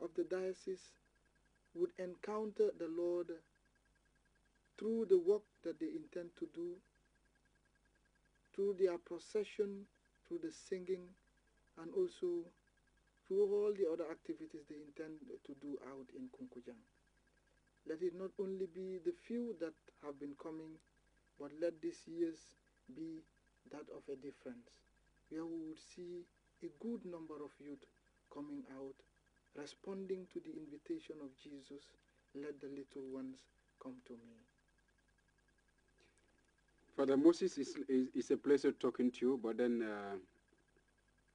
of the diocese would encounter the Lord through the work that they intend to do, through their procession, through the singing, and also through all the other activities they intend to do out in Kunkujang. Let it not only be the few that have been coming, but let this year's be that of a difference, where we would see a good number of youth coming out Responding to the invitation of Jesus, let the little ones come to me. Father Moses, it's, a pleasure talking to you, but then uh,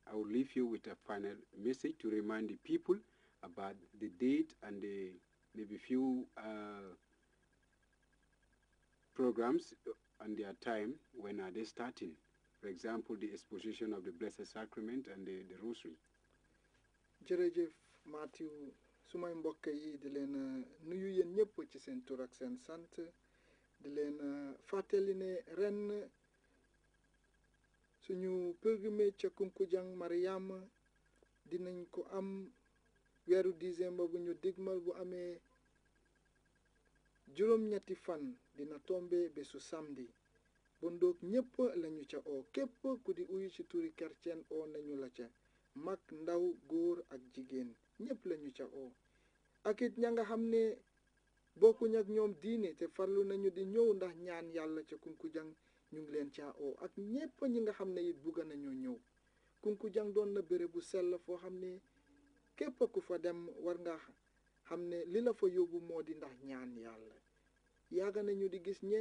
I will leave you with a final message to remind the people about the date and the maybe few uh, programs uh, and their time, when are they starting? For example, the exposition of the Blessed Sacrament and the, the Rosary. Jerejev Matthew, sumay mbokk yi di leen uh, nuyu yéen ñëpp ci seen tur ak seen sant di leen uh, fàttali ne ren suñu pilgrimage ca Kunkujang Mariam dinañ ko am weeru décembre bu ñu digmal bu amee juróom-ñetti fan dina tombe bésu samedi bondoog ñépp lañu ca oo képp ku di uyu ci turi kerceen oo nañu la ca mag ndaw góor ak jigéen ñepp lañu ca o ak it ña nga xam ne bokkuñ diine te farlu nañu di ñëw ndax ñaan yàlla ca jang ñu ngi leen ca o ak ñepp ñi nga xam ne it bugg nañoo ñëw jang doon na bëre bu sell foo xam ne képp ku fa dem war nga xam ne li la fa yóbbu moo di ndax ñaan yàlla nañu di gis ñi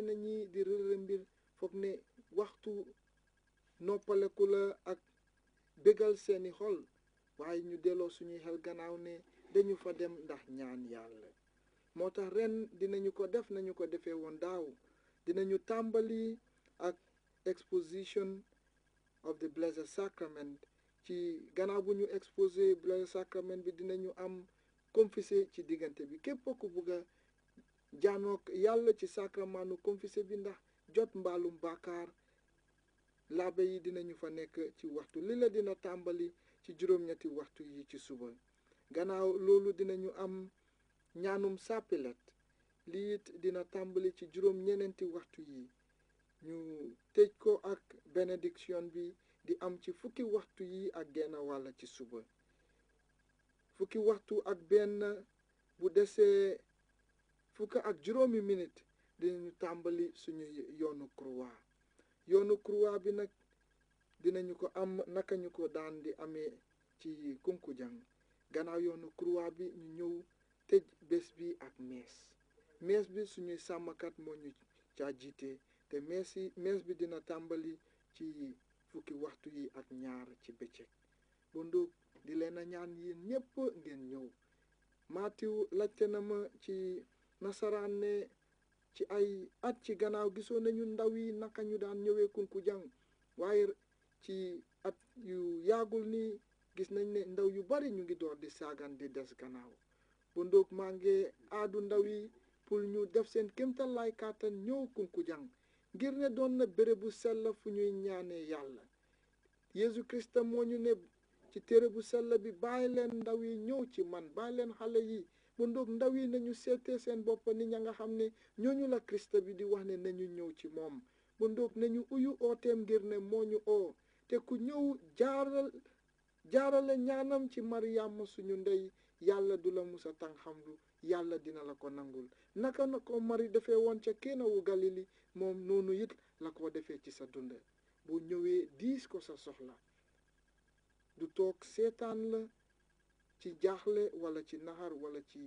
di mbir ne waxtu noppaleku la ak bégal seeni xol waaye ñu delloo suñuy xel gannaaw ne dañu fa dem ndax ñaan yàlla moo tax ren dinañu ko def nañu ko defee woon daaw dinañu tàmbali ak exposition of the Blessed Sacrament ci gannaaw bu ñu exposé Blessed Sacrament bi dinañu am confisé ci diggante bi képp ku bugg a jaanook yàlla ci sacramentu confisé bi ndax jot mbaalum bàkkaar laabe yi dinañu fa nekk ci waxtu li la dina tàmbali ci juroom ñetti waxtu yi ci suba gannaaw loolu dinañu am ñaanum sàppilat liit it dina tàmbali ci juróom-ñeneenti waxtu yi ñu tëj ko ak benediction bi di am ci fukki waxtu yi ak genn wàll ci suba fukki waxtu ak benn bu desee fukk ak juróomi minute dinañu tàmbali suñu yoonu croix yoonu croix bi nag dinañu ko am naka ñu ko daan di amee ci Kunkujang gannaaw yoonu croix bi ñu ñëw tëj bés bi ak mees mees bi suñuy sàmmkat moo ñu caa jiite te mees bi dina tàmbali ci fukki waxtu yi ak ñaar ci bëccëg bunduk di leen a ñaan yéen ñépp ngeen ñëw Maatiw laajte na ma ci nasaraan ne ci ay at ci gannaaw gisoo nañu ndaw yi naka ñu daan ñëwee Kunkujang waaye ci at yu yàggul nii gis nañ ne ndaw yu bari ñu ngi door di saagan di des gannaaw bu ndoog maa ngi aadu ndaw yi pour ñu def seen kémtalaay kàttan ñëw kunkujang ngir ne doon na bérébu sell fu ñuy ñaanee yàlla Yeesu Krista moo ñu ne ci téere bu sell bi bàyyi leen ndaw yi ñëw ci man bàyyi leen xale yi bu ndoog ndaw yi nañu seetee seen bopp ni ña nga xam ne ñooñu la Krista bi di wax ne nañu ñëw ci moom bu ndoog nañu uyu ooteem ngir ne moo ñu oo te ku ñëw jaaral jaarale ñaanam ci mariama suñu ndey yàlla du la musa tang xamlu yàlla dina la ko nangul naka na ko mari defee woon ca wu galili moom noonu it la ko defee ci sa dund bu ñëwee diis ko sa soxla du toog seetaan la ci jaaxle wala ci naxar wala ci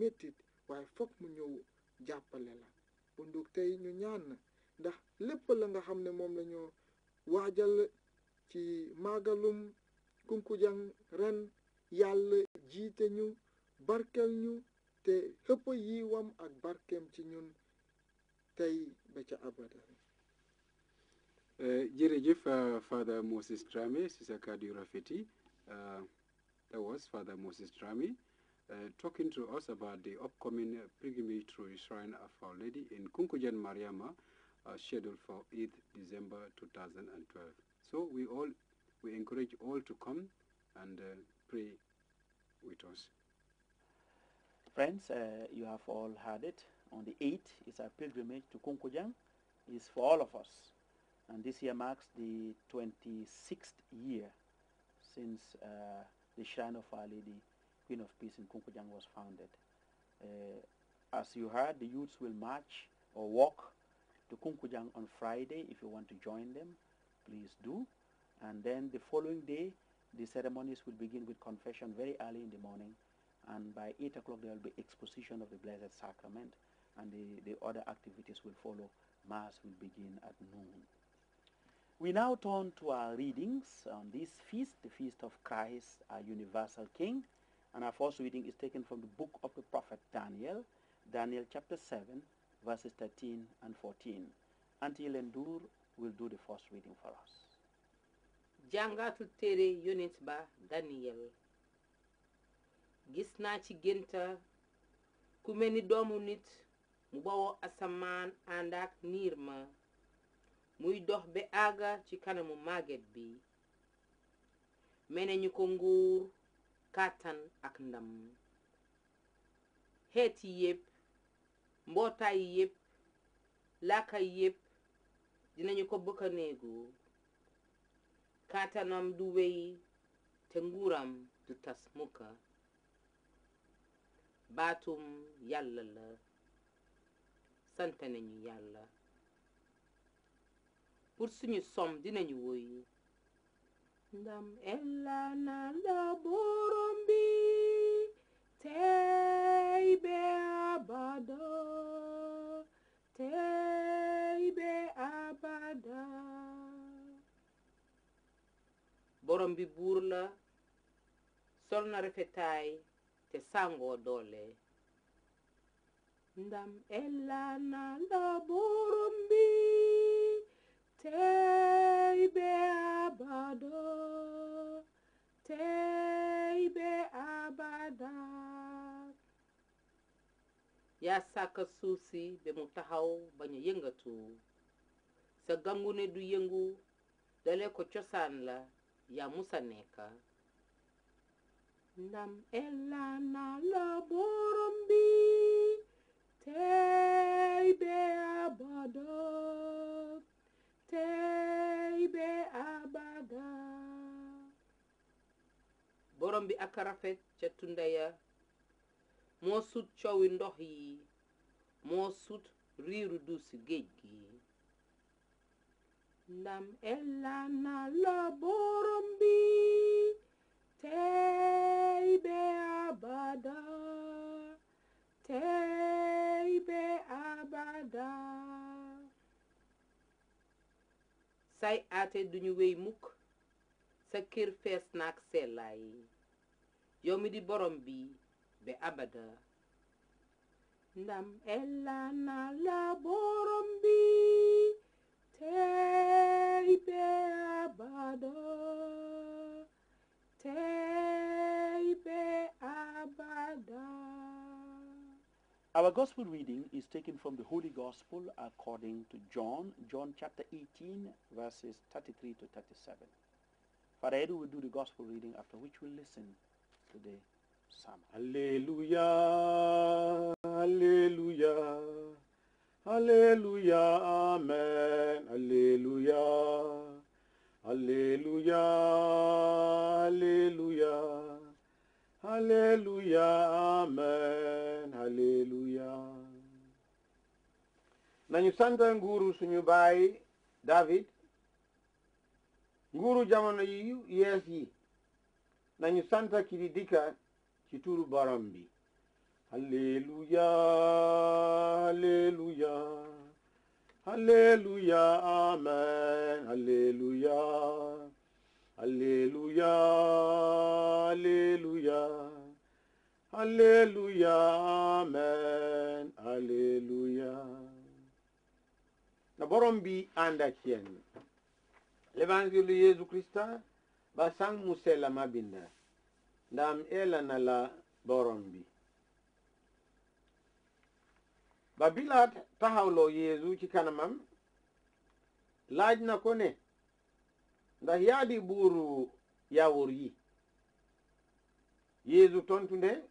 mettit waaye fokk mu ñëw jàppale la bu ndug tey ñu ñaan na ndax lépp la nga xam ne moom la ci màggalum kunkujang ren yàlla jiite ñu barkel ñu te xëpp yiwam ak barkeem ci ñun tey ba ca abada euh, jërëjëf euh, Father Moses Drame si sa kàddu yu rafet yi euh, that was Father Moses Drame talking to us about the upcoming pilgrimage to the Shrine of Our Lady in Kunkujan Mariama, uh, scheduled for 8 December So we all, we encourage all to come and uh, pray with us. Friends, uh, you have all heard it. On the 8th is our pilgrimage to Kunkujang. It's for all of us. And this year marks the 26th year since uh, the Shrine of Our Lady, Queen of Peace in Kunkujang was founded. Uh, as you heard, the youths will march or walk to Kunkujang on Friday if you want to join them please do. And then the following day, the ceremonies will begin with confession very early in the morning. And by 8 o'clock, there will be exposition of the Blessed Sacrament. And the, the other activities will follow. Mass will begin at noon. We now turn to our readings on this feast, the feast of Christ, our universal King. And our first reading is taken from the book of the prophet Daniel, Daniel chapter 7, verses 13 and 14. Until endure will do the first jàngatu téere yonent ba Daniel gis naa ci génta ku mel ni doomu nit mu bawoo asamaan ànd ak niir ma muy dox ba àgga ci kanamu màgget bi mene ñu ko nguur kàttan ak ndam xeeti yépp mbootaay yépp laaka yépp dinañu ko bëkk a néegu kàttanam du wey te nguuram du tas mukka baatum yàlla la sant nañu yàlla pour suñu som dinañu woy ndam ella na la borom bi tey be abada borom buur la sol na rafetaay te sàngoo doole ndam ella la borom bi tey be abada yaa sàkka suuf si mu taxaw bañ a yëngatu sa gangu du yëngu dale ko cosaan la yamusaneka ndam elana la borombi teibe abado teibe abada borombi akarafe cetundaya mosut cowi ndohyi mosut riru dusi gejgi Lam elana laborombi teibe abada teibe abada say aate duñu wey mukk sa kër fees naak sellaay yow mi di borom bi be abada ndam na la borom bi our gospel reading is taken from the holy gospel according to john john chapter 18 verses 33 to 37 Father Edu will do the gospel reading after which we'll listen to the psalm. Hallelujah, hallelujah. Haleluya, amen. Haleluya, haleluya, haleluya, haleluya, amen. Haleluya. Na ñu nguru suñu baay David nguru jamono yu, yes yi nañu sant ki di barambi. Alléluia, Alléluia, Alléluia, Amen, Alléluia, Alléluia, Alléluia, Alléluia, Amen, Alléluia. La Borombi Andakien, l'évangile de Jésus-Christ, basang la sell ma binda ndam Elanala ba Pilaat taxawloo Yeesu ci kanamam laaj na ko ne nda yaa di buuru yawur yi Yeesu tontu ne